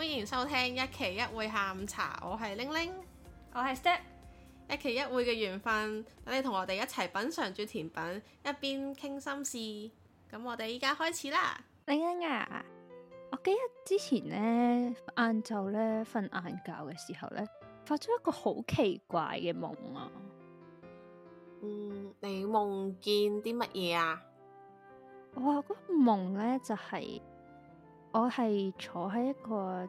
歡迎收聽一期一會下午茶，我係玲玲，我係 Step，一期一會嘅緣分，等你同我哋一齊品嘗住甜品，一邊傾心事。咁我哋依家開始啦，玲玲啊，我記得之前呢，晏晝咧瞓晏覺嘅時候咧，發咗一個好奇怪嘅夢啊。嗯，你夢見啲乜嘢啊？我嗰、哦嗰個夢咧就係、是。我係坐喺一個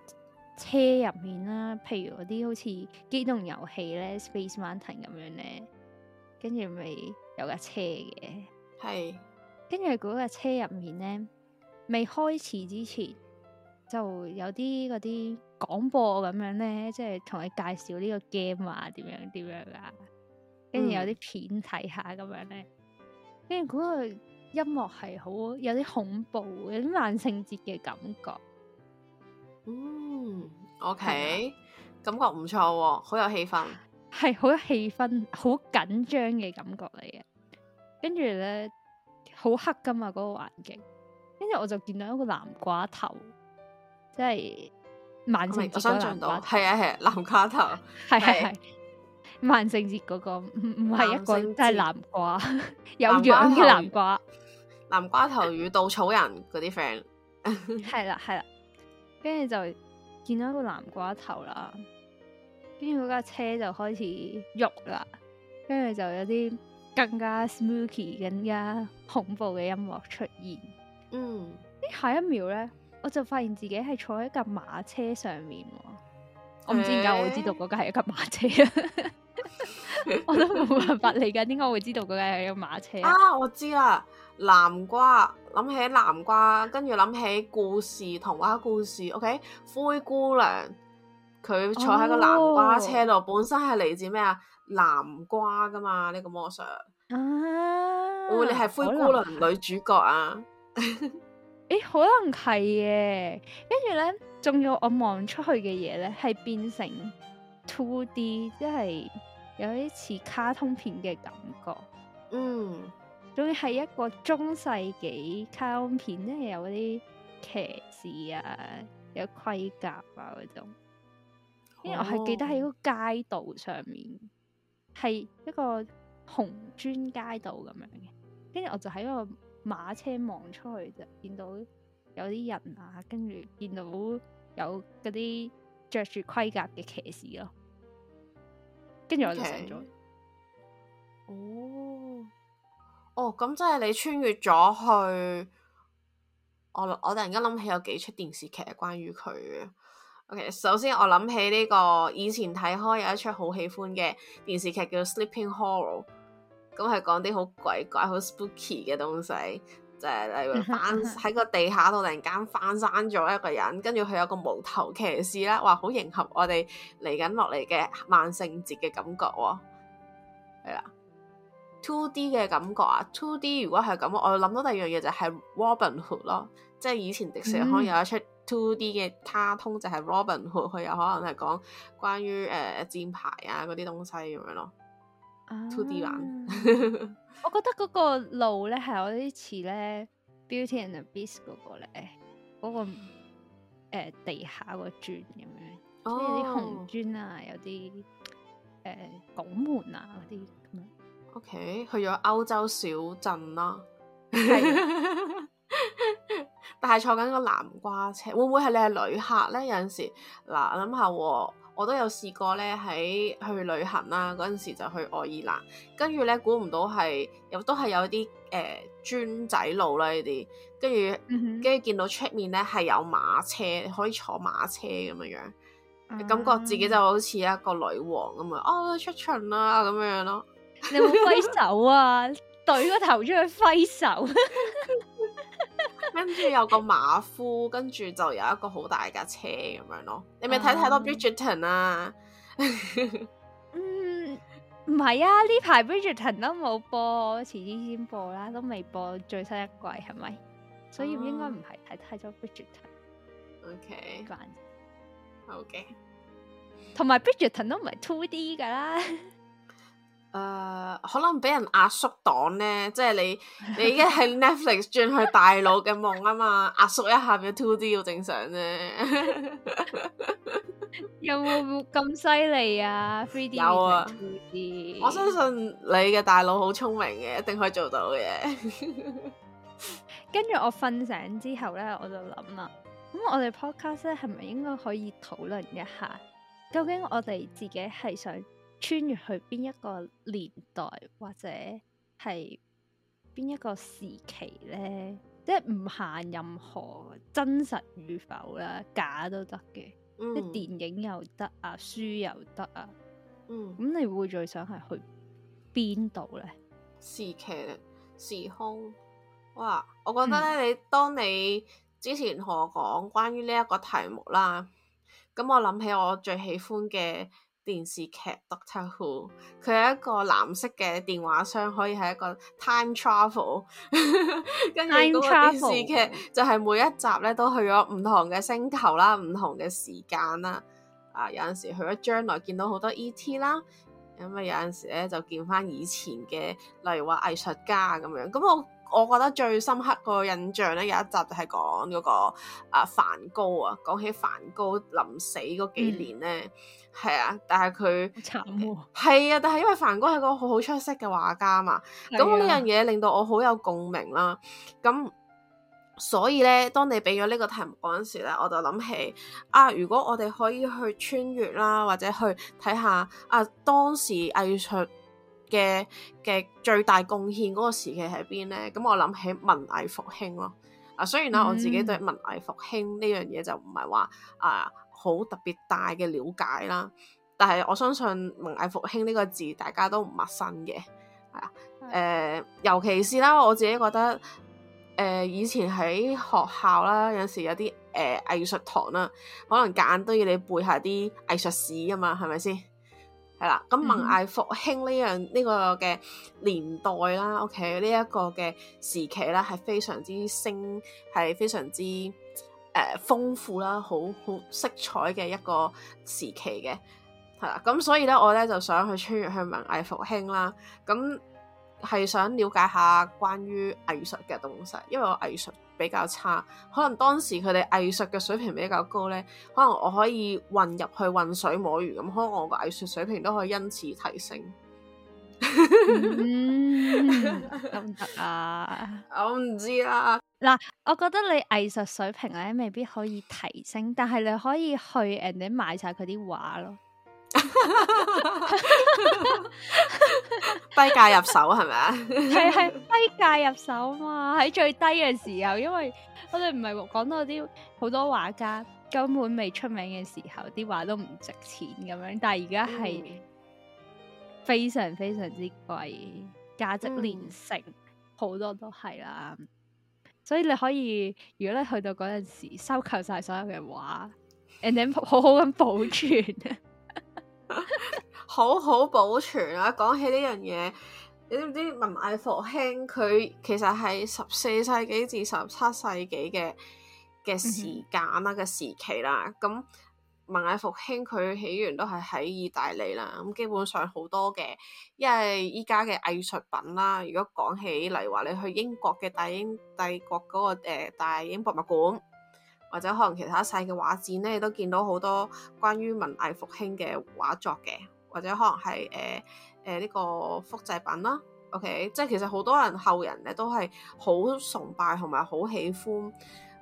車入面啦，譬如嗰啲好似機動遊戲咧，Space Mountain 咁樣咧，跟住咪有架車嘅。係是。跟住嗰架車入面咧，未開始之前就有啲嗰啲廣播咁樣咧，即係同你介紹呢個 game 啊，點樣點樣啊，跟住有啲片睇下咁、嗯、樣咧，跟住嗰個。音樂係好有啲恐怖，有啲萬聖節嘅感覺。嗯，OK，嗎感覺唔錯喎，好有氣氛，係好有氣氛，好緊張嘅感覺嚟嘅。跟住咧，好黑噶嘛嗰個環境，跟住我就見到一個南瓜頭，即係萬聖節，我想像到，南瓜頭，係啊係南瓜頭，係係萬聖節嗰個唔唔係一個，即係南瓜有樣嘅南瓜。南瓜頭與稻草人嗰啲 friend 係啦，係啦，跟住就見到一個南瓜頭啦，跟住嗰架車就開始喐啦，跟住就有啲更加 smoky 更加恐怖嘅音樂出現。嗯，呢下一秒咧，我就發現自己係坐喺一架馬車上面，我唔知點解我會知道嗰架係一架馬車啦， 我都冇辦法理解，點解我會知道嗰架係一架馬車啊！我知啦。南瓜諗起南瓜，跟住諗起故事，童話故事，OK？灰姑娘佢坐喺個南瓜車度，oh. 本身係嚟自咩啊？南瓜噶嘛？呢、這個魔術啊？會、ah, 哦、你係灰姑娘女主角啊？誒、欸，可能係嘅。跟住咧，仲有我望出去嘅嘢咧，係變成 two D，即係有啲似卡通片嘅感覺。嗯。總之係一個中世紀卡通片，即係有嗰啲騎士啊，有盔甲啊嗰種。因為、oh. 我係記得喺嗰個街道上面，係一個紅磚街道咁樣嘅。跟住我就喺一個馬車望出去就見到有啲人啊，跟住見到有嗰啲着住盔甲嘅騎士咯、啊。跟住我就醒咗。哦。Okay. oh. 哦，咁即係你穿越咗去，我我突然間諗起有幾出電視劇係關於佢嘅。OK，首先我諗起呢個以前睇開有一出好喜歡嘅電視劇叫《Sleeping Horror》，嗯，嗯，咁係講啲好鬼怪、好 spooky 嘅東西，就係例如翻喺個地下度突然間翻生咗一個人，跟住佢有個無頭騎士啦，哇，好迎合我哋嚟緊落嚟嘅萬聖節嘅感覺喎，哦，係啦。two D 嘅感覺啊，two D 如果係咁，我諗到第二樣嘢就係 Robin Hood 咯，即係以前迪士尼可能有一出 two D 嘅卡通就係 Robin Hood，佢有可能係講關於誒、呃、戰牌啊嗰啲東西咁樣咯。two D 版，啊、 我覺得嗰個路咧係有啲似咧 Beauty and the Beast 嗰個咧，嗰、嗰個誒、呃、地下個磚咁樣，哦、即係啲紅磚啊，有啲誒、呃、拱門啊嗰啲咁樣。OK，去咗歐洲小鎮啦， 但係坐緊個南瓜車，會唔會係你係旅客咧？有陣時嗱，我諗下，我都有試過咧，喺去旅行啦嗰陣時就去愛爾蘭，跟住咧估唔到係又都係有啲誒磚仔路啦呢啲，跟住跟住見到出面咧係有馬車可以坐馬車咁樣樣，感覺自己就好似一個女王咁樣哦，出巡啦，咁樣樣咯～你會揮手啊，懟 個頭出去揮手。 跟住有個馬夫，跟住就有一個好大架車咁樣咯。你咪睇太多《Bridgerton》啊？ 嗯，唔係啊，呢排《Bridgerton》都冇播，遲啲先播啦，都未播最新一季係咪？是是啊、所以應該唔係睇太多《Bridgerton》。OK，好嘅，同埋《Bridgerton》都唔係 Two D 噶啦。誒，uh, 可能俾人壓縮檔咧，即係你你已經喺 Netflix 轉去大腦嘅夢啊嘛，壓縮 一下變 two D 要正常咧， 有冇咁犀利啊？Three D 有啊，two D，我相信你嘅大腦好聰明嘅，一定可以做到嘅。 跟住我瞓醒之後咧，我就諗啦，咁我哋 podcast 咧係咪應該可以討論一下，究竟我哋自己係想？穿越去邊一個年代或者係邊一個時期咧，即係唔限任何真實與否啦，假都得嘅，嗯、即電影又得啊，書又得啊，咁、嗯、你會最想係去邊度咧？時期、時空，哇！我覺得咧，你、嗯、當你之前同我講關於呢一個題目啦，咁我諗起我最喜歡嘅。電視劇《Doctor Who》，佢係一個藍色嘅電話箱，可以係一個 time travel 。跟住嗰個電視劇就係每一集咧都去咗唔同嘅星球啦，唔同嘅時間啦。啊，有陣時去咗將來，見到好多 E.T. 啦。咁啊，有陣時咧就見翻以前嘅，例如話藝術家咁樣。咁我我覺得最深刻個印象咧，有一集就係講嗰個啊梵高啊。講起梵高臨死嗰幾年咧。嗯。係啊，但係佢好慘係啊，但係因為梵高係個好好出色嘅畫家嘛，咁呢樣嘢令到我好有共鳴啦。咁所以咧，當你俾咗呢個題目嗰陣時咧，我就諗起啊，如果我哋可以去穿越啦，或者去睇下啊，當時藝術嘅嘅最大貢獻嗰個時期喺邊咧，咁我諗起文藝復興咯。啊，雖然啦，嗯、我自己對文藝復興呢樣嘢就唔係話啊。好特別大嘅了解啦，但係我相信文藝復興呢個字大家都唔陌生嘅，係啊、嗯，誒、呃，尤其是啦，我自己覺得誒、呃、以前喺學校啦，有時有啲誒、呃、藝術堂啦，可能夾硬都要你背下啲藝術史噶嘛，係咪先？係啦，咁文藝復興呢樣呢、嗯、哼個嘅年代啦，OK 呢一個嘅時期咧，係非常之升，係非常之。誒，豐、呃、富啦，好好色彩嘅一個時期嘅係啦，咁所以咧，我咧就想去穿越去文藝復興啦，咁係想了解下關於藝術嘅東西，因為我藝術比較差，可能當時佢哋藝術嘅水平比較高咧，可能我可以混入去混水摸魚咁，可能我個藝術水平都可以因此提升，得唔得啊？我唔知啦。嗱，我覺得你藝術水平咧未必可以提升，但係你可以去誒，你買晒佢啲畫咯， 低價入手係咪啊？係係 低價入手嘛？喺最低嘅時候，因為我哋唔係講到啲好多畫家根本未出名嘅時候，啲畫都唔值錢咁樣，但係而家係非常非常之貴，價值連城，好、嗯、多都係啦。所以你可以，如果你去到嗰陣時，收購晒所有嘅畫 ，and then 好好咁保存， 好好保存啊！講起呢樣嘢，你知唔知文藝復興佢其實係十四世紀至十七世紀嘅嘅時間啦嘅時期啦，咁、嗯哼。文藝復興佢起源都係喺意大利啦，咁基本上好多嘅因為依家嘅藝術品啦。如果講起例如話，你去英國嘅大英帝國嗰個大英博物館，或者可能其他細嘅畫展咧，你都見到好多關於文藝復興嘅畫作嘅，或者可能係誒誒呢個複製品啦。OK，即係其實好多人後人咧都係好崇拜同埋好喜歡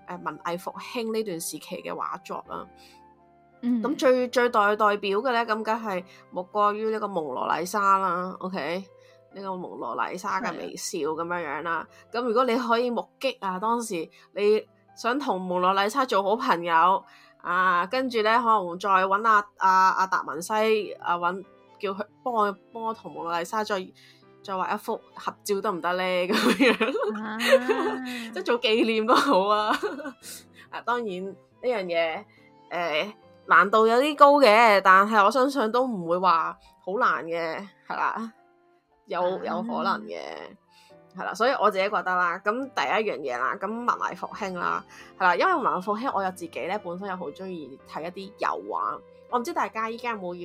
誒文藝復興呢段時期嘅畫作啦。咁、嗯、最最代代表嘅咧，咁梗係莫過於呢個蒙羅麗莎啦。OK，呢個蒙羅麗莎嘅微笑咁樣樣啦。咁的如果你可以目擊啊，當時你想同蒙羅麗莎做好朋友啊，跟住咧可能再揾阿阿阿達文西啊揾叫佢幫我幫我同蒙羅麗莎再再畫一幅合照得唔得咧？咁樣、啊、 即係做紀念都好啊。 啊，當然呢樣嘢誒。欸難度有啲高嘅，但係我相信都唔會話好難嘅，係啦，有有可能嘅，係啦、uh huh.，所以我自己覺得啦，咁第一樣嘢啦，咁文藝復興啦，係啦、uh huh.，因為文藝復興，我有自己咧，本身又好中意睇一啲油畫，我唔知大家依家有冇去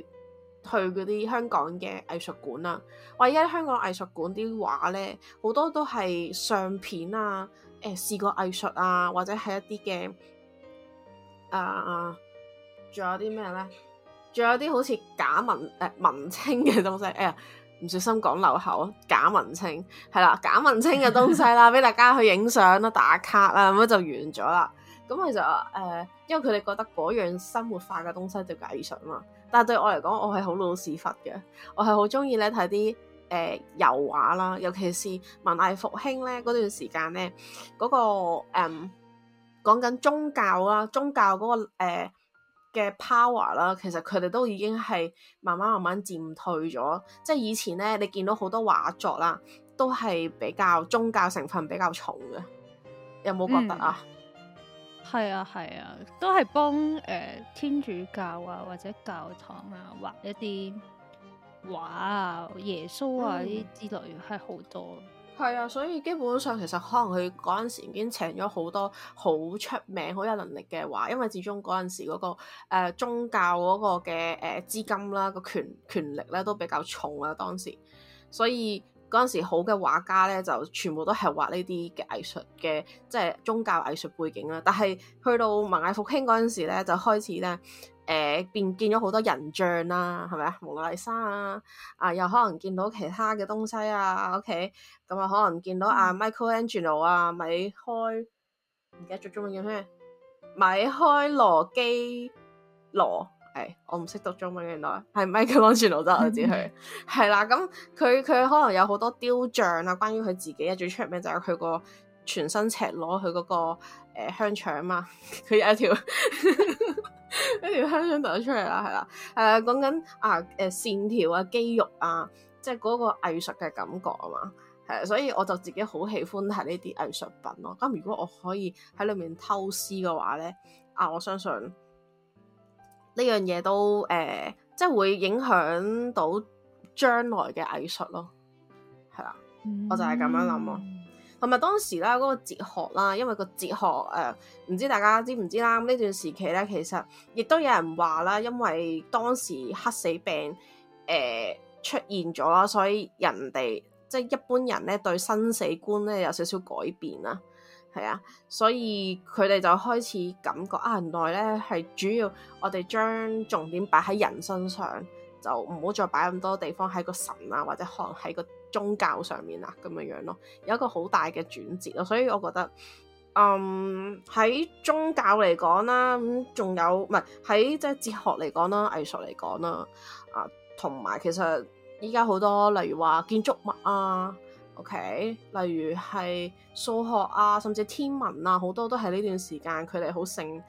嗰啲香港嘅藝術館啦、啊，我依家香港藝術館啲畫咧，好多都係相片啊，誒，視覺藝術啊，或者係一啲嘅，啊啊～仲有啲咩咧？仲有啲好似假文誒、呃、文青嘅東西誒，唔、哎、小心講漏口，假文青係啦，假文青嘅東西啦，俾 大家去影相啦、打卡啦，咁就完咗啦。咁其實誒、呃，因為佢哋覺得嗰樣生活化嘅東西就藝術啊嘛。但係對我嚟講，我係好老屎忽嘅，我係好中意咧睇啲誒油畫啦，尤其是文藝復興咧嗰段時間咧嗰個誒講緊宗教啦，宗教嗰、那個誒。呃嘅 power 啦，其實佢哋都已經係慢慢慢慢漸退咗。即係以前咧，你見到好多畫作啦，都係比較宗教成分比較重嘅。有冇覺得、嗯、啊？係啊，係啊，都係幫誒、呃、天主教啊或者教堂啊畫一啲畫啊、耶穌啊啲之類係好、嗯、多。係啊，所以基本上其實可能佢嗰陣時已經請咗好多好出名、好有能力嘅話，因為始終嗰陣時嗰、嗰個、呃、宗教嗰個嘅誒資金啦、個權權力咧都比較重啊，當時，所以。嗰陣時好嘅畫家咧，就全部都係畫呢啲嘅藝術嘅，即係宗教藝術背景啦。但係去到文藝復興嗰陣時咧，就開始咧，誒、呃，變見咗好多人像啦，係咪啊？是是蒙娜麗莎啊，啊，又可能見到其他嘅東西啊。OK，咁、嗯、啊，可能見到阿、啊、Michelangelo 啊，米開，唔記得咗中文叫咩？米開羅基羅。係，我唔識讀中文嘅原來，係 Michael 安全老豆我知佢，係啦咁，佢佢可能有好多雕像啊，關於佢自己啊，最出名就係佢個全身赤裸，佢嗰、那個、呃、香腸啊嘛，佢有一條 一條香腸凸咗出嚟啦，係啦，誒、呃、講緊啊誒、呃、線條啊肌肉啊，即係嗰個藝術嘅感覺啊嘛，係，所以我就自己好喜歡睇呢啲藝術品咯。咁如果我可以喺裏面偷師嘅話咧，啊我相信。呢樣嘢都誒，呃，即係會影響到將來嘅藝術咯，係啦，我就係咁樣諗咯。同埋當時咧嗰個哲學啦，因為個哲學誒，呃，唔知大家知唔知啦？呢段時期咧，其實亦都有人話啦，因為當時黑死病誒，呃，出現咗啦，所以人哋即係一般人咧對生死觀咧有少少改變啦。係啊，所以佢哋就開始感覺啊，原來咧係主要我哋將重點擺喺人身上，就唔好再擺咁多地方喺個神啊，或者可能喺個宗教上面啊咁樣樣咯、啊，有一個好大嘅轉折咯。所以我覺得，嗯，喺宗教嚟講啦，咁、嗯、仲有唔係喺即係哲學嚟講啦、藝術嚟講啦，啊，同埋其實依家好多例如話建築物啊。O.K. 例如係數學啊，甚至天文啊，好多都係呢段時間佢哋好醒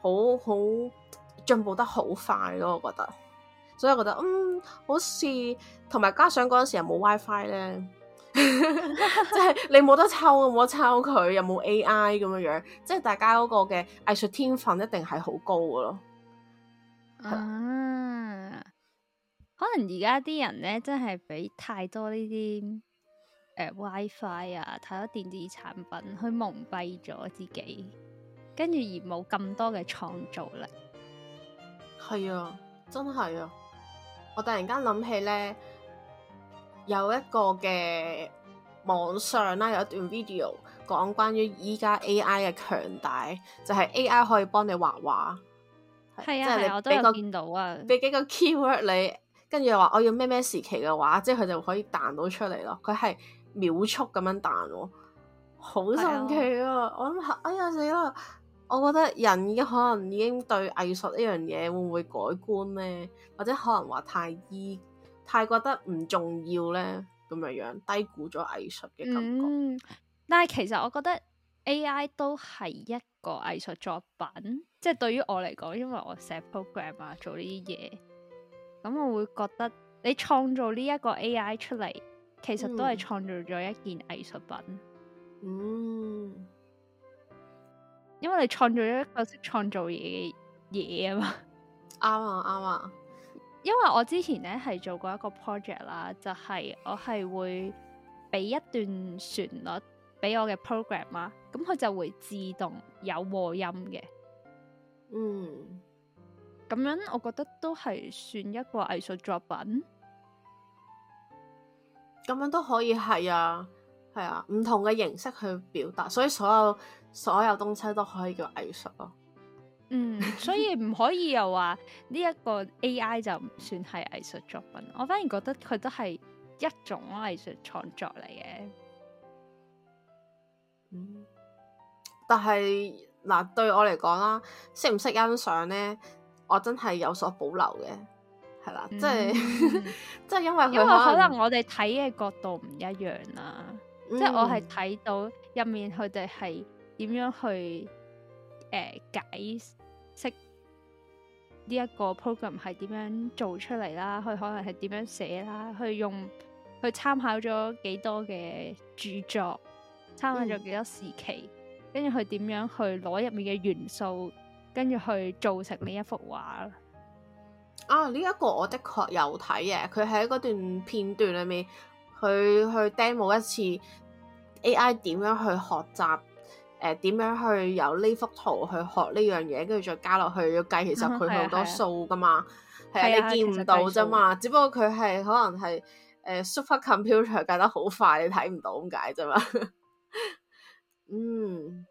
好好進步得好快咯、啊。我覺得，所以我覺得嗯，好似同埋加上嗰陣時又冇 WiFi 咧，即係 你冇得抄，冇得抄佢，又冇 A.I. 咁樣樣，即、就、係、是、大家嗰個嘅藝術天分一定係好高噶咯。啊、 可能而家啲人咧，真係俾太多呢啲。誒、呃、WiFi 啊，睇多電子產品，去蒙蔽咗自己，跟住而冇咁多嘅創造力。係啊，真係啊！我突然間諗起咧，有一個嘅網上啦、啊，有一段 video 講關於依家 AI 嘅強大，就係、是、AI 可以幫你畫畫。係啊，係啊，我都有見到啊！俾幾個 keyword 你，跟住又話我要咩咩時期嘅畫，即係佢就可以彈到出嚟咯。佢係。秒速咁樣彈、哦，好神奇啊！的我諗吓，哎呀死啦！我覺得人而家可能已經對藝術呢樣嘢，會唔會改觀咧？或者可能話太依太覺得唔重要咧，咁樣樣，低估咗藝術嘅感覺。嗯、但係其實我覺得 A I 都係一個藝術作品，即係對於我嚟講，因為我寫 program 啊，做呢啲嘢，咁我會覺得你創造呢一個 A I 出嚟。其實都係創造咗一件藝術品。嗯嗯，嗯，因為你創造咗一個識創造嘢嘅嘢啊嘛。啱啊啱啊，因為我之前咧係做過一個 project 啦，就係、是、我係會俾一段旋律俾我嘅 program 啊，咁佢就會自動有和音嘅，嗯，咁樣我覺得都係算一個藝術作品。咁樣都可以係啊，係啊，唔同嘅形式去表達，所以所有所有東西都可以叫藝術咯。嗯，所以唔可以又話呢一個 AI 就唔算係藝術作品， 我反而覺得佢都係一種藝術創作嚟嘅。嗯，但係嗱、呃，對我嚟講啦，識唔識欣賞呢？我真係有所保留嘅。係啦，即係即係，嗯、 因為因為可能我哋睇嘅角度唔一樣啦、嗯，即係我係睇到入面佢哋係點樣去誒、呃、解釋呢一個 program 係點樣做出嚟啦，佢可能係點樣寫啦，去用去參考咗幾多嘅著作，參考咗幾多時期，跟住佢點樣去攞入面嘅元素，跟住去做成呢一幅畫。啊！呢、這、一個我的確有睇嘅，佢喺嗰段片段裏面，佢去 demo 一次 AI 點樣去學習，誒，點樣去由呢幅圖去學呢樣嘢，跟住再加落去要計，其實佢好多數噶嘛，係你見唔到啫嘛，啊啊、只不過佢係可能係誒、呃、super computer 計得好快，你睇唔到咁解啫嘛， 嗯。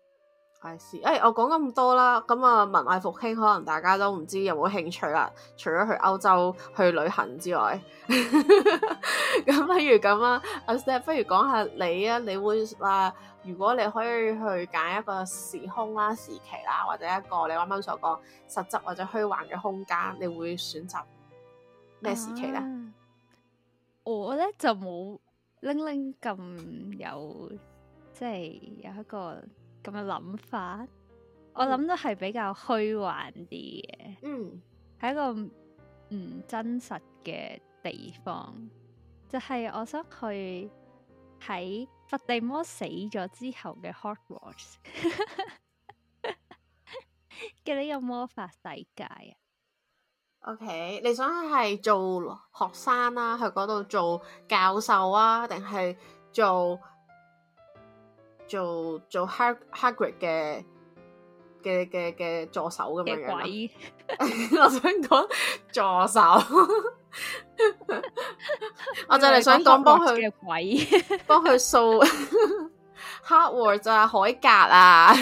係，誒、哎，我講咁多啦，咁啊，文藝復興可能大家都唔知有冇興趣啦，啊，除咗去歐洲去旅行之外，咁 不如咁啦，啊，阿 Step 不如講下你啊，你會話、啊、如果你可以去揀一個時空啦，時期啦，或者一個你啱啱所講實質或者虛幻嘅空間，嗯、你會選擇咩時期咧，啊？我咧就冇拎拎咁有，即係有、就是、有一個。咁嘅諗法，嗯、我諗都係比較虛幻啲嘅，嗯，係一個唔真實嘅地方，就係、是、我想去喺佛地魔死咗之後嘅 Hogwarts 嘅呢個魔法世界啊。OK，你想係做學生啦、啊，去嗰度做教授啊，定係做？做做 hard Hagrid 嘅嘅嘅嘅助手咁樣樣，我想講助手，我就嚟想講幫佢鬼，幫佢掃 hardwork 啊，海格啊，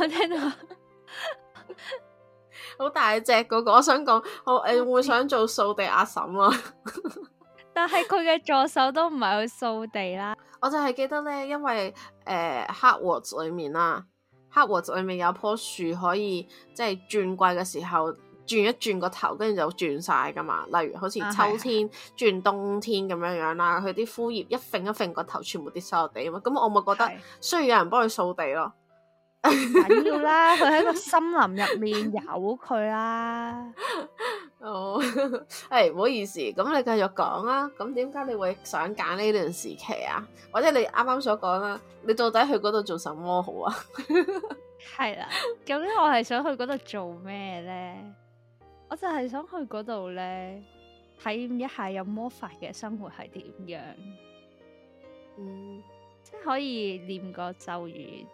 我聽到好大隻嗰個，我想講我誒會想做掃地阿嬸啊。但係佢嘅助手都唔係去掃地啦， 我就係記得咧，因為誒黑鑊裏面啦、啊，黑鑊裏面有棵樹可以即係轉季嘅時候轉一轉個頭，跟住就轉晒噶嘛例如好似秋天、啊、轉冬天咁樣樣、啊、啦，佢啲、啊、枯葉一揈一揈個頭，全部跌落落地啊嘛。咁我咪覺得需要有人幫佢掃地咯。緊 要啦，佢喺個森林入面有佢啦、啊。 哦，係唔、oh, 哎，唔好意思，咁你繼續講啦。咁點解你會想揀呢段時期啊？或者你啱啱所講啦，你到底去嗰度做什麼好啊？係 啦，究竟我係想去嗰度做咩咧？我就係想去嗰度咧體驗一下有魔法嘅生活係點樣。嗯，即係可以念個咒語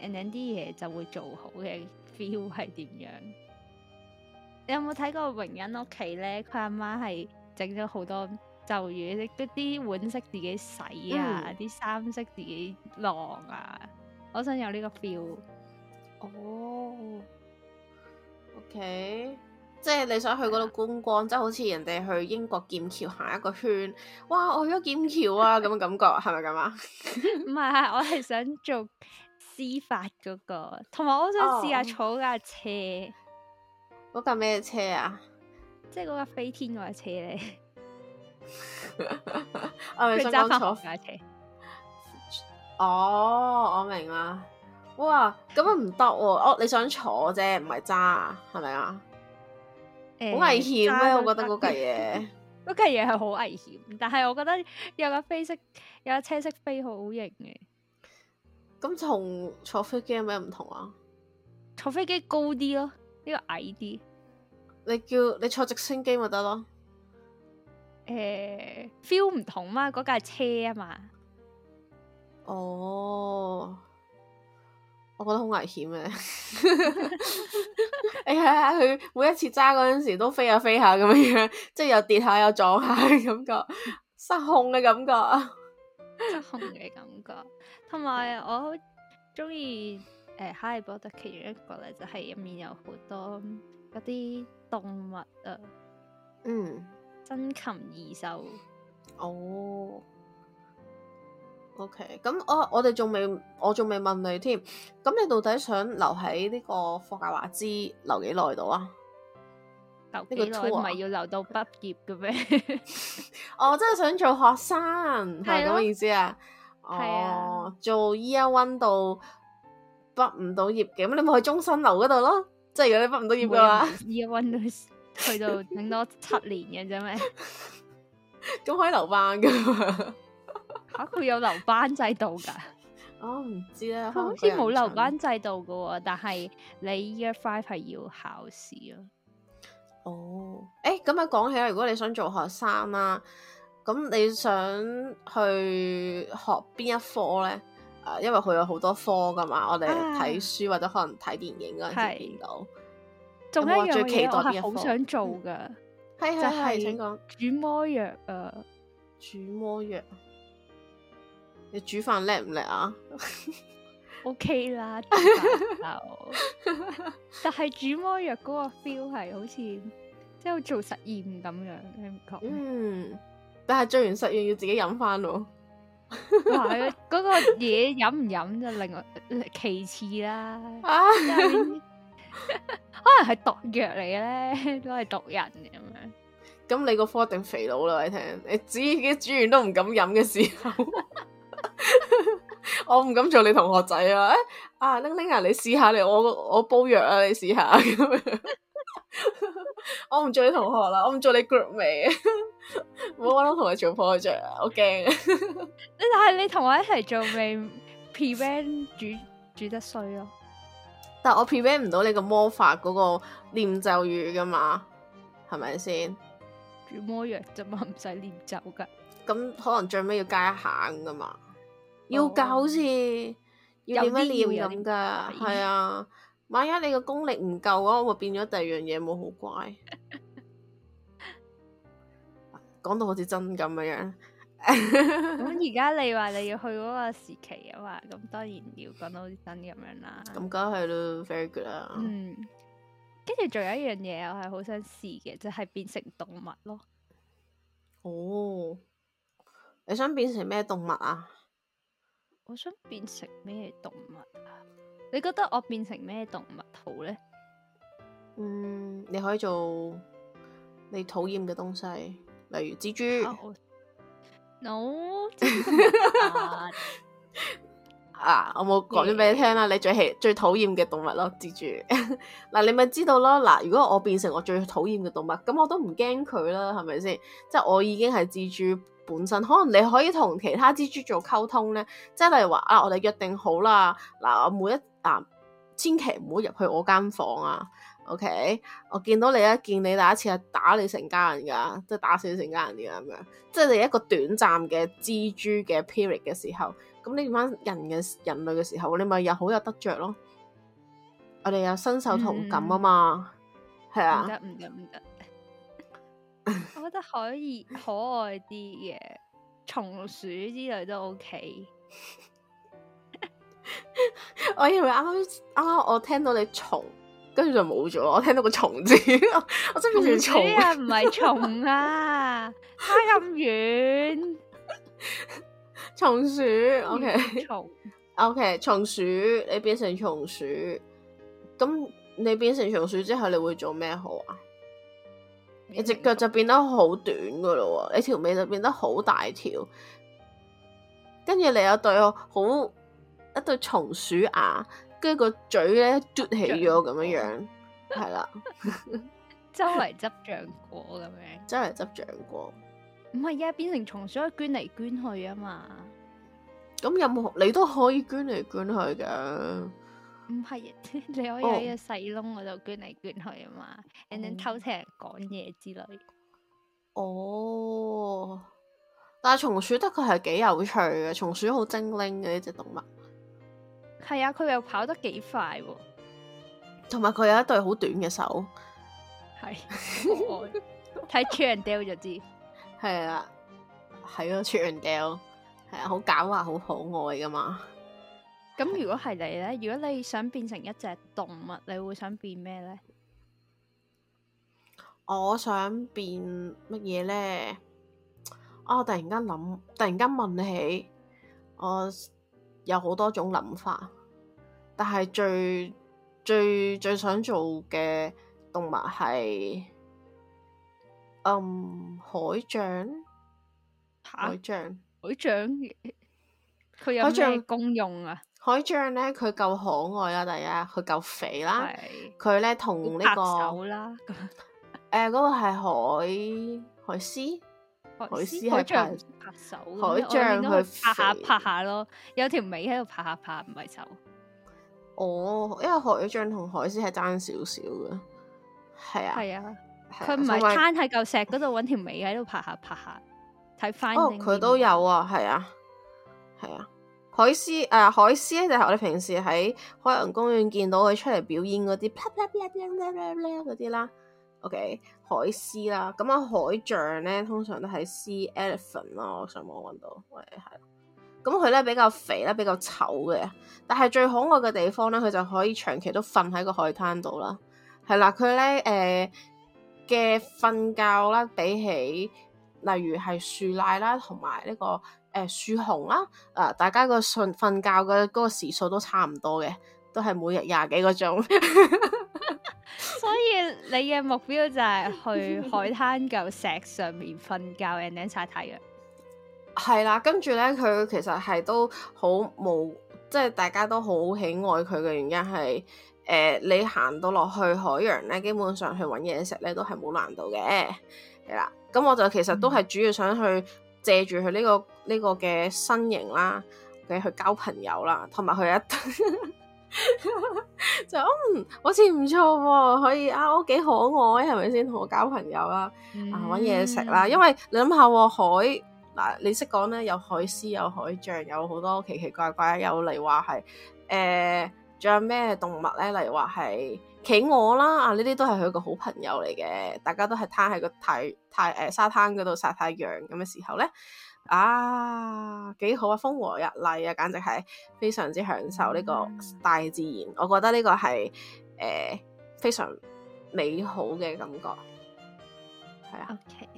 ，and 啲嘢就會做好嘅 feel 係點樣？你有冇睇過榮恩屋企咧？佢阿媽係整咗好多咒語啲啲碗識自己洗啊，啲衫識自己晾啊。我想有呢個 feel。哦、oh,，OK，即係你想去嗰度觀光，即係、啊、好似人哋去英國劍橋行一個圈。哇！我去咗劍橋啊，咁嘅 感覺係咪咁啊？唔係， 我係想做司法嗰、那個，同埋我想試下坐架車。Oh. 嗰架咩車啊？即係嗰架飛天嗰架車咧，我咪想坐。 哦，我明啦。哇，咁樣唔得、啊、哦！你想坐啫，唔係揸，係咪、欸、啊？好危險咩？ 我覺得嗰架嘢，嗰架嘢係好危險。但係我覺得有架飛式，有架車識飛好型嘅。咁同坐飛機有咩唔同啊？坐飛機高啲咯。呢個矮啲，你叫你坐直升機咪得咯？誒，feel 唔同嗎嘛？嗰架車啊嘛，哦，我覺得好危險咧！ 哎呀，佢每一次揸嗰陣時都飛下、啊、飛下咁樣樣，即係又跌下又撞下嘅感覺，失控嘅感覺， 失控嘅感覺，同埋我好中意。誒，哈利波特其中一個咧就係入面有好多嗰啲動物啊，嗯，珍禽異獸哦。OK，咁我我哋仲未，我仲未問你添，咁你到底想留喺呢個霍格華茲留幾耐度啊？留幾耐，唔係要留到畢業嘅咩？我真係想做學生，係咁意思啊？哦，做 year one 度。畢唔到業嘅，咁你咪去中心樓嗰度咯。即係如果你畢唔到業嘅話，Year One 到去到頂多七年嘅啫咩？仲可以留班噶？吓、啊，佢有留班制度噶？我唔、啊、知佢好似冇留班制度嘅、哦哦，但係你 Year Five 係要考試啊。哦，誒、欸，咁樣講起啦，如果你想做學生啦、啊，咁你想去學邊一科咧？誒，因為佢有好多科噶嘛，啊、我哋睇書或者可能睇電影嗰時見到。仲有一樣這課 我係好想做噶，係、嗯、就係，請講。煮魔藥啊！煮魔藥，你煮飯叻唔叻啊 ？OK 啦， 但係煮魔藥嗰個 feel 係好似即係做實驗咁樣，你唔覺咩？嗯，但係做完實驗要自己飲翻咯。係嗰 個嘢飲唔飲就另外其次啦、啊，可能係毒藥嚟嘅咧，都係毒人咁樣。咁、啊、你個科一定肥佬啦，你聽，你自己煮完都唔敢飲嘅時候， 我唔敢做你同學仔啊！啊，拎拎啊，你試下你我我煲藥啊，你試下咁樣， 我唔做你同學啦，我唔做你 group 味。唔好我同佢做 project，啊，我驚。我 但你但係你同我一齊做未 prevent 煮煮，煮得衰咯？但係我 prevent 唔到你個魔法嗰、那個念咒語噶嘛？係咪先？煮魔藥啫嘛唔使念咒噶？咁 可能最尾要加一下噶嘛？哦、要噶，好似要點樣念噶？係啊，萬一你個功力唔夠啊，會變咗第二樣嘢冇好怪。 對 講到好似真咁樣樣，咁而家你話你要去嗰個時期嘅話，咁當然要講到好似真咁樣啦。咁梗係啦，very good 啦。嗯，跟住仲有一樣嘢，我係好想試嘅，就係變成動物咯。哦，你想變成咩動物啊？我想變成咩動物啊？你覺得我變成咩動物好咧？嗯，你可以做你討厭嘅東西。例如蜘蛛，no 啊！我冇講咗俾你聽啦，你最喜最討厭嘅動物咯，蜘蛛。嗱、 啊，你咪知道咯。嗱、啊，如果我變成我最討厭嘅動物，咁我都唔驚佢啦，係咪先？即係我已經係蜘蛛本身，可能你可以同其他蜘蛛做溝通咧。即係例如話啊，我哋約定好啦，嗱、啊，我每一啊，千祈唔好入去我間房啊。O、okay? K，我見到你一見你第一次係打你成家人噶，即係打死成家人嘅咁樣，即係你一個短暫嘅蜘蛛嘅 period 嘅時候，咁你變翻人嘅人類嘅時候，你咪又好有得着咯。我哋有身受同感啊嘛，係、嗯、啊。唔得唔得唔得， 我覺得可以可愛啲嘅，松鼠之類都 O、OK、K。 我以為啱啱啱啱我聽到你松。跟住就冇咗，我聽到個蟲字， 我真係唔知蟲。唔係蟲啊，差咁遠。松鼠，OK，OK，松鼠，你變成松鼠，咁你變成松鼠之後，你會做咩好啊？你隻腳就變得好短噶咯，你條尾就變得好大條，跟住你有對好一對松鼠牙。跟住個嘴咧嘟起咗咁樣樣，係啦，周圍執橡果咁樣，周圍執橡果，唔係呀，變成松鼠捐嚟捐去啊嘛，咁任何你都可以捐嚟捐去嘅，唔係，你可以喺個細窿嗰度捐嚟捐去啊嘛，哦、跟住偷聽人講嘢之類，哦，但係松鼠得佢係幾有趣嘅，松鼠好精靈嘅呢隻動物。係啊，佢又跑得幾快，同埋佢有一對好短嘅手，係可愛。睇主人掉就知，係啊，係咯，主人掉，係啊，好狡猾，好可愛噶嘛。咁如果係你咧，如果你想變成一隻動物，你會想變咩咧？我想變乜嘢咧？啊！突然間諗，突然間問起我。有好多種諗法，但係最最最想做嘅動物係，嗯，海象，海象，海象，佢有咩功用啊？海象咧，佢夠可愛啦，第一，佢夠肥啦，佢咧同呢個，誒，嗰個係海海獅。海獅海象拍手，海象佢拍下拍下咯，有條尾喺度拍下拍，唔係手。哦，因為海象同海獅係爭少少嘅。係啊，係啊，佢唔係攤喺嚿石嗰度搵條尾喺度拍下拍下，睇翻。哦，佢都有啊，係啊，係啊，海獅誒，海獅就係我哋平時喺海洋公園見到佢出嚟表演嗰啲，啲啦。O、okay, K. 海獅啦，咁、嗯、啊海象咧，通常都係 sea elephant 咯，我上網揾到，喂，係。咁佢咧比較肥啦，比較醜嘅，但係最可愛嘅地方咧，佢就可以長期都瞓喺個海灘度啦。係啦，佢咧誒嘅瞓覺啦，比起例如係樹懶啦，同埋呢個誒、呃、樹熊啦，啊、呃、大家個瞓瞓覺嘅嗰個時數都差唔多嘅，都係每日廿幾個鐘。 所以你嘅目標就係去海灘嚿石上面瞓覺，and 曬太陽。係啦， 跟住咧，佢其實係都好冇，即係大家都好喜愛佢嘅原因係，誒、呃，你行到落去海洋咧，基本上去搵嘢食咧都係冇難度嘅。係啦，咁我就其實都係主要想去借住佢呢個呢、呢個嘅身形啦，嘅去交朋友啦，同埋去一。 就唔、嗯、好似唔錯，可以啊，我幾可愛係咪先？同我交朋友啦，嗯、啊，搵嘢食啦。因為你諗下海嗱、啊，你識講咧，有海獅，有海象，有好多奇奇怪怪，有嚟話係誒，仲、呃、有咩動物咧？例如話係企鵝啦，啊呢啲都係佢個好朋友嚟嘅。大家都係攤喺個、呃、太太誒沙灘嗰度晒太陽咁嘅時候咧。啊，幾好啊，風和日麗啊，簡直係非常之享受呢個大自然。嗯、我覺得呢個係誒、呃、非常美好嘅感覺，係啊，OK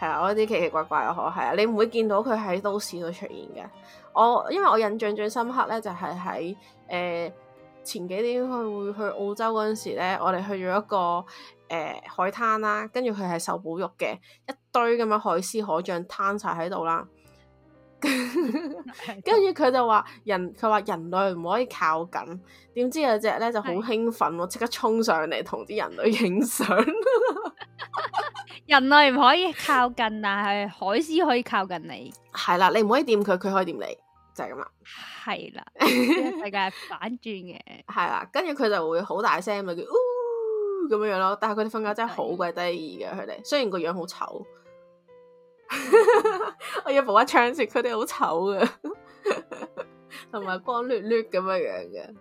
係啊，我一啲奇奇怪怪又好係啊，你唔會見到佢喺都市度出現嘅。我因為我印象最深刻咧就係喺誒前幾年佢去會去澳洲嗰陣時咧，我哋去咗一個。誒、呃，海灘啦，跟住佢係受保育嘅一堆咁樣海獅海象攤晒喺度啦，跟住佢就話人，佢話人類唔可以靠近，點知有隻咧就好興奮，即是刻衝上嚟同啲人類影相。 人類唔可以靠近，但係海獅可以靠近你。係啦，你唔可以掂佢，佢可以掂你，就係、是、咁啦。係 啦，世界係反轉嘅。係啦，跟住佢就會好大聲咪叫。呃咁樣樣咯，但係佢哋瞓覺真係好鬼得意嘅，佢哋雖然個樣好醜， 我要補一槍說佢哋好醜嘅，同埋光溜溜咁樣樣嘅，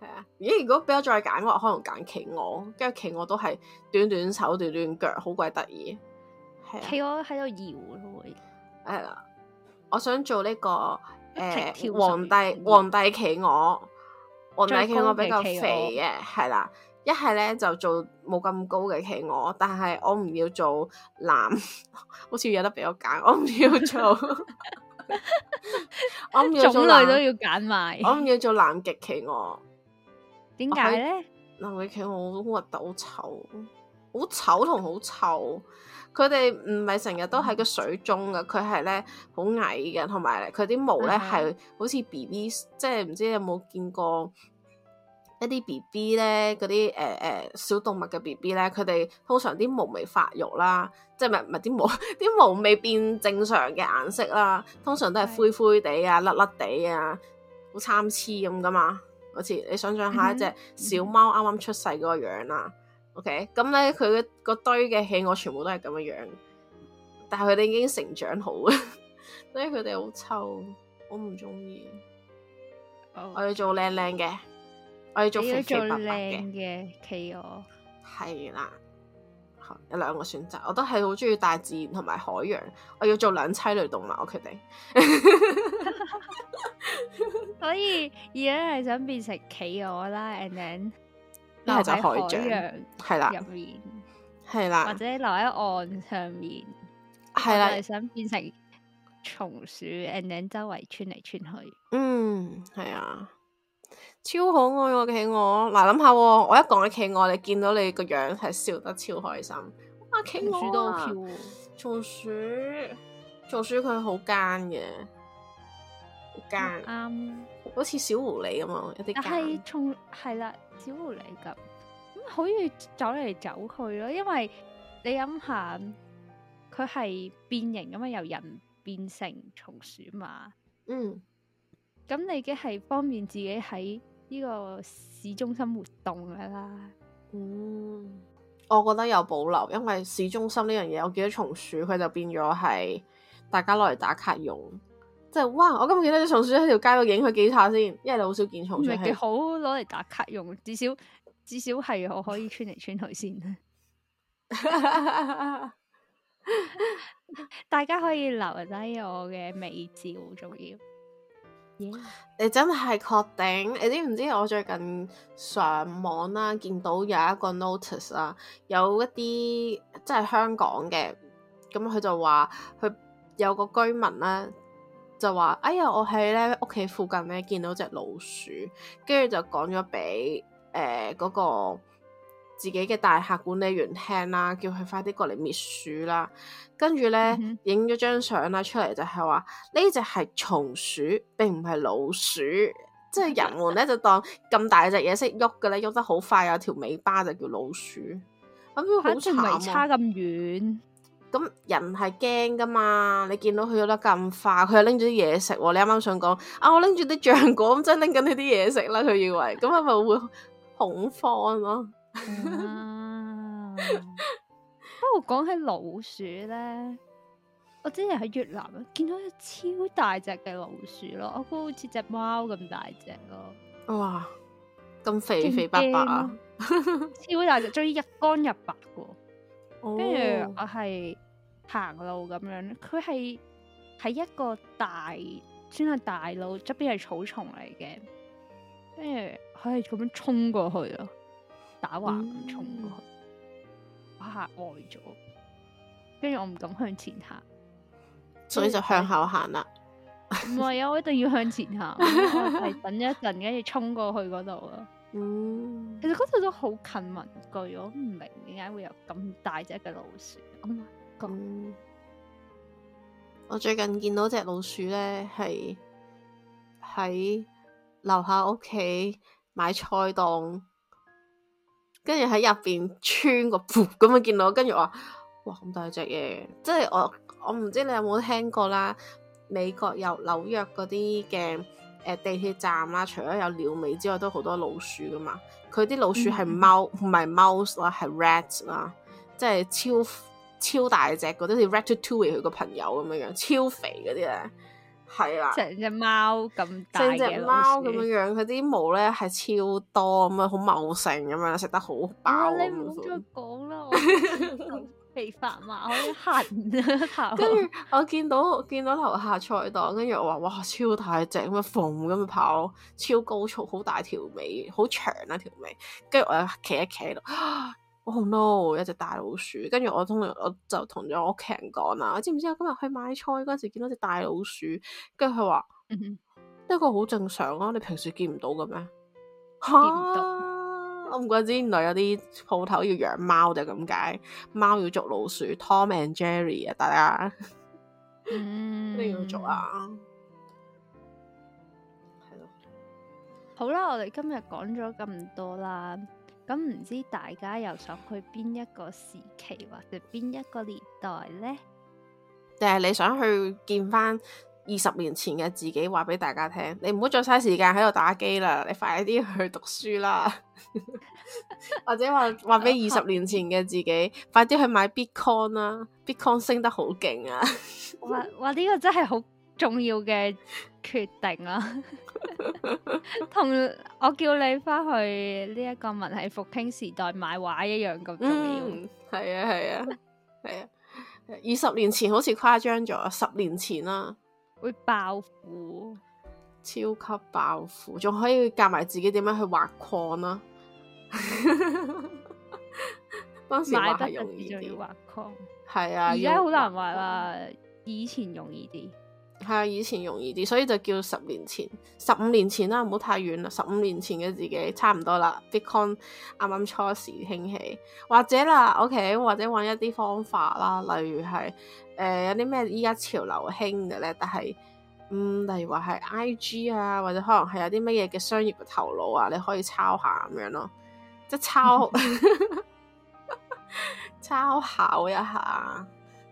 係啊。咦？如果俾我再揀嘅話，可能揀企鵝，跟住企鵝都係短短手、短短腳，好鬼得意。企鵝喺度搖咯，係啦。我想做呢、這個誒，呃、皇帝皇帝企鵝，皇帝企鵝比較肥嘅，係啦。一係咧就做冇咁高嘅企鵝，但係我唔要做南， 好似有得俾我揀，我唔要做， 種類都要揀埋，我唔要做南極企鵝。點解咧？南極企鵝好核突，好醜，好醜同好臭。佢哋唔係成日都喺個水中噶，佢係咧好矮嘅，嗯哼，同埋佢啲毛咧係好似 B B，即係唔知你有冇見過。一啲 B B 咧，嗰啲誒誒小動物嘅 B B 咧，佢哋通常啲毛未發育啦，即係唔唔啲毛啲 毛未變正常嘅顏色啦，通常都係灰灰地啊、甩甩地啊，好參差咁噶嘛。好似你想像下一隻小貓啱啱出世嗰、啊嗯哼 okay? 嗰個樣啦，OK，咁咧佢嘅嗰堆嘅戲我全部都係咁嘅樣，但係佢哋已經成長好啦，所以佢哋好臭，我唔中意。Okay. 我要做靚靚嘅。我要做靚靚嘅企鵝，係啦，好，有兩個選擇，我都係好中意大自然同埋海洋。我要做兩棲類動物，我決定。 所以而家係想變成企鵝啦，and then 留喺海洋，係 啦，入面係啦，或者留喺岸上面，係啦，想變成松鼠，and then 周圍穿嚟穿去，嗯，係啊。超可愛個企鵝，嗱，諗、啊、下，我一講起企鵝，你見到你個樣係笑得超開心。阿企鼠都好松鼠，松鼠佢、嗯、好奸嘅，好奸，啱，好似小狐狸咁啊，有啲係松，係啦，小狐狸咁，咁可以走嚟走去咯，因為你諗下，佢係變形噶嘛，由人變成松鼠嘛，嗯，咁你嘅係方便自己喺。呢個市中心活動噶啦，嗯，我覺得有保留，因為市中心呢樣嘢，我見到松鼠，佢就變咗係大家攞嚟打卡用，即係哇！我今日見到隻松鼠喺條街度影佢幾下先，因為你好少見松鼠。唔係幾好攞嚟打卡用，至少至少係我可以穿嚟穿去先。 大家可以留低我嘅美照，好重要。你真係確定？你知唔知我最近上網啦、啊，見到有一個 notice 啊，有一啲即係香港嘅，咁、嗯、佢就話佢有個居民咧、啊、就話哎呀，我喺咧屋企附近咧見到隻老鼠，跟住就講咗俾誒嗰個。自己嘅大客管理員聽啦，叫佢快啲過嚟滅鼠啦。跟住咧，影咗、嗯、哼張相啦出嚟，就係話呢隻係松鼠並唔係老鼠，即、就、係、是、人們咧 就當咁大隻嘢識喐嘅咧，喐得好快有條尾巴就叫老鼠咁，啊、好慘啊！嗯、差咁遠咁、啊、人係驚噶嘛？你見到佢喐得咁快，佢又拎住啲嘢食、啊，你啱啱想講啊，我拎住啲橡果咁，真係拎緊佢啲嘢食啦、啊。佢以為咁係咪會恐慌咯、啊？ 啊！Uh、 不過講起老鼠咧，我之前喺越南見到一隻超大隻嘅老鼠咯，我估好似隻貓咁大隻咯。哇！咁肥超怕肥白白，超大隻，仲要一干一白嘅。跟住，哦、我係行路咁樣，佢係喺一個大，算係大路，側邊係草叢嚟嘅。跟住佢係咁樣衝過去咯。打橫咁衝過去，吓呆咗，跟住我唔敢向前行，所以就向後行啦。唔係 啊，我一定要向前行， 我等一陣，跟住衝過去嗰度啊。嗯，其實嗰度都好近民居，我唔明點解會有咁大隻嘅老鼠。咁、oh，我最近見到隻老鼠咧，係喺樓下屋企買菜檔。跟住喺入邊穿個噗咁啊，樣見到，跟住我話哇，咁大隻嘢！即係我我唔知你有冇聽過啦，美國由紐約嗰啲嘅誒地鐵站啦，除咗有鳥尾之外，都好多老鼠噶嘛。佢啲老鼠係貓唔係 mouse 啦，係 rats、嗯、啦，即係超超大隻，嗰啲似 ratatouille 佢個朋友咁樣樣，超肥嗰啲咧。係啦，成隻貓咁大，成隻貓咁樣樣，佢啲毛咧係超多，咁樣好茂盛，咁樣食得好飽。唔好、啊、再講啦， 我皮發麻，我好痕，跟住我見到見到樓下菜檔，跟住我話哇，超大隻咁樣，馿咁樣跑，超高速，好大條尾，好長啊條尾，跟住我又企一企喺度。啊。我好、oh、no，一隻大老鼠，跟住我通常我就同咗我屋企人講啦，我知唔知我今日去買菜嗰陣時見到隻大老鼠，跟住佢話，呢、嗯哼這個好正常啊，你平時見唔到嘅咩？到？我唔蛤怪之原來有啲鋪頭要養貓就係咁解，貓要捉老鼠，Tom and Jerry 啊，大家，嗯，咩要捉啊，係咯、嗯，了好啦，我哋今日講咗咁多啦。咁唔知大家又想去邊一個時期或者邊一個年代呢？定係你想去見翻二十年前嘅自己，話俾大家聽，你唔好再嘥時間喺度打機啦，你快啲去讀書啦， 或者話話俾二十年前嘅自己， 快啲去買 bitcoin 啦，bitcoin 升得好勁啊！哇哇呢個真係好重要嘅。決定啦，同我叫你翻去呢一個文藝復興時代買畫一樣咁重要，嗯。係啊，係啊，係啊。二十、啊、年前好似誇張咗，十年前啦，會爆富，超級爆富，仲可以夾埋自己點樣去挖礦啦。 當時買得容易得要挖礦，係啊，而家好難挖啦。以前容易啲。係啊，以前容易啲，所以就叫十年前、十五年前啦，唔好太遠啦。十五年前嘅自己差唔多啦。Bitcoin 啱啱初時興起，或者啦，OK，或者搵一啲方法啦，例如係誒、呃、有啲咩依家潮流興嘅咧，但係嗯，例如話係 IG 啊，或者可能係有啲乜嘢嘅商業嘅頭腦啊，你可以抄下咁樣咯，即係抄 抄考一下。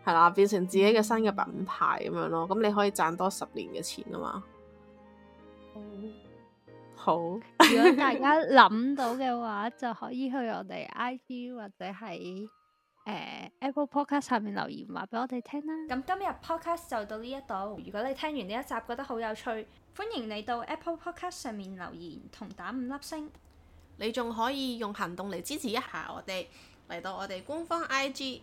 係啦，變成自己嘅新嘅品牌咁樣咯，咁你可以賺多十年嘅錢啊嘛。嗯、好， 如果大家諗到嘅話，就可以去我哋 I G 或者喺、呃、Apple Podcast 上面留言話俾我哋聽啦。咁今日 Podcast 就到呢一度，如果你聽完呢一集覺得好有趣，歡迎你到 Apple Podcast 上面留言同打五粒星。你仲可以用行動嚟，支持一下我哋，嚟到我哋官方 I G。